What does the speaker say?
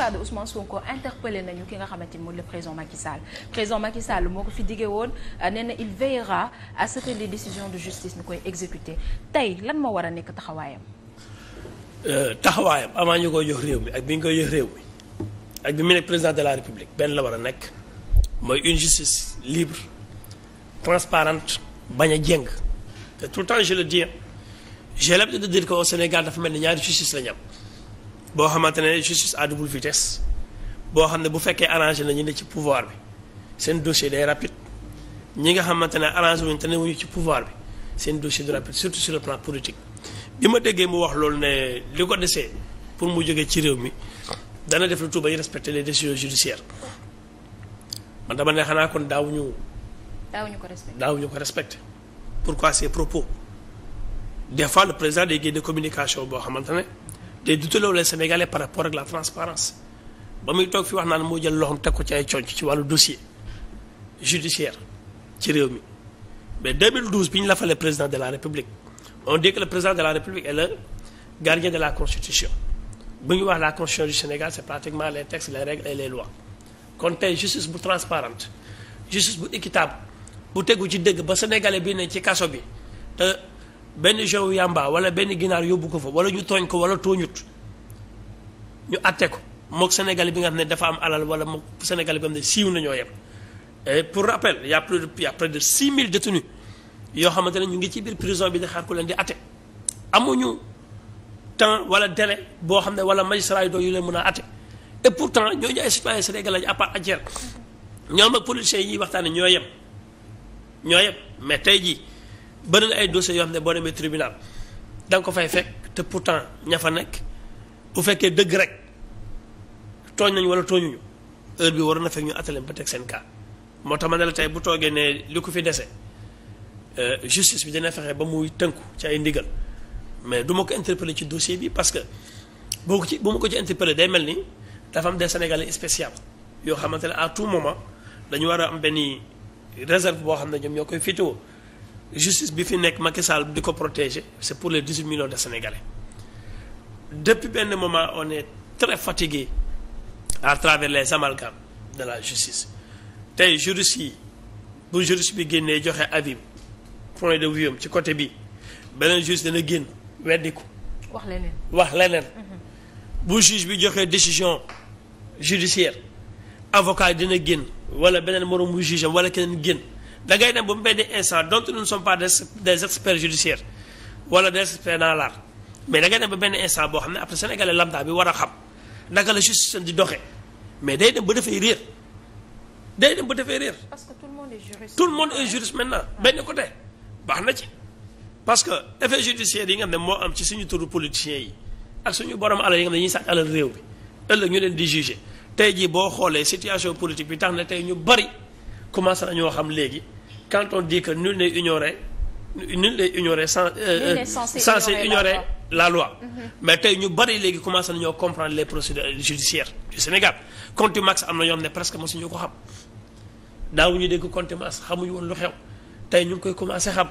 cas de Ousmane Sonko interpellé nañu ki nga xamante ni mooy le président Macky Sall président Macky Sall moo ko fi diggee woon euh, nee na il veillera à ce que les décisions de justice ñu koy exécuter tey lan moo war a nekk taxawaayam. Euh, taxawaayam avant ñu koy jox réew mi ak bi koy jox réew ak bi mu nekk président de la république benn la war a nekk mooy une justice libre transparente bañ a jéng te tout le temps je le dis j'ai l'habitude de dire que au Sénégal dafa mel ni ñaari justice la boo xamante ne justice à double vitesse boo xam ne bu fekkee arrangé nañu ne ci pouvoir bi seen dossier day rapide ñi nga xamante ne arrangé wuñu te ne wuñu ci pouvoir bi seen dossier du rapide surtout sur le plan politique bi ma déggee mu wax loolu ne li ko desee pour mu jógee ci réew mi dana def lu tuuba yi respecter les décisions judiciaires man dama ne xanaa kon daawuñu daawuñu ko respecté daawuñu ko respecté pourquoi ces propos des fois le président day génne communication boo xamante ne te dutalewu les Sénégalais par rapport ak la transparence ba muy toog fi wax naan moo jël loxoom teg ko ci ay conc ci wàllu dossier judiciaire ci réew mi mais 2012 bi ñu la falee président de la république on dit que le président de la république est le gardien de la constitution bu ñu wax la constitution du Sénégal c'est pratiquement les textes les règles et les lois kon tey justice bu transparente justice bu équitable bu tegu ci dëgg ba sénégalais bi ne ci kaso bi benn jow yàmba wala benn ginaar yóbbu ko fa wala ñu tooñ ko wala tooñut ñu atte ko mook Sénégal bi nga xam ne dafa am alal wala mook Sénégal bi nga xam ne siiw nañoo yem et pour rappel y' a plus de y' a de six mille détenus yoo xamante ne ñu ngi ci biir prison bi di xaar ku leen di atte amuñu temps wala délai boo xam ne wala magistrat yu leen mën a atte et pourtant ñooñu ay citoyens sénégalais à part entière ñoom ak politiciens yi waxtaan ñoo yem ñoo yem mais tey jii bëri na ay dossiers yoo xam ne boo demee tribunal da nga ko fay fekk te pourtant ña fa nekk bu fekkee dëgg rek tooñ nañu wala tooñuñu heure bi waroon na fekk ñu attelé ba teg seen cas moo tax ma ne la tey bu toogee ne li ko fi dese euh, justice bi dana fexe ba muy tënku ci ay ndigal mais du ma ko interpeller ci dossier bi parce que boo ci bu ma ko ci interpeller day mel ni dafa am de sénégalais spécial yoo xamante ne à tout moment dañu war a am benn réserve boo xam ne ñoom ñoo koy féetewoo. justice bi fi nekk Macky Sall di ko protéger c'est pour les dix-huit millions de Sénégalais depuis benn moment on est très fatigué à travers les amalgames de la justice tey juriste yi bu juriste bi génnee joxe avis point de vue ci côté bi beneen juriste dana génn weddi ko wax leneen wax leneen bu juge bi joxee décision judiciaire avocat dina génn wala beneen moroom mu juge wala keneen génn da ngay dem ba mu benn instant donc nous ne sommes pas des des experts judiciaires wala des experts dans l'art mais da dem ba benn instant boo xam ne après sénégalais lambda bi war a xam naka la justice di doxe mais day dem ba dafay réer day dem bu defee réer. parce que tout le monde est juriste. tout le monde est juriste baax na ci parce que effet judiciaire yi nga dem moo am ci suñu turu politiciens yi ak suñu borom alal yi nga xam ne ñuy sàcc alal réew bi ëllëg ñu leen di juger tey jii boo xoolee situation politique bi tax na ñu bari. commencé nañoo xam léegi quand on dit que nul n'est ignoré nul n'est san sans euh, euh censé ignorer la loi mhm. mais tey ñu bari léegi commencé nañoo comprendre les procédures judiciaires du Sénégal contumace am na ñoom ne presque mosuñu ko xam daawuñu dégg contumace xamuñu woon lu xew tey ñu ngi koy commencé xam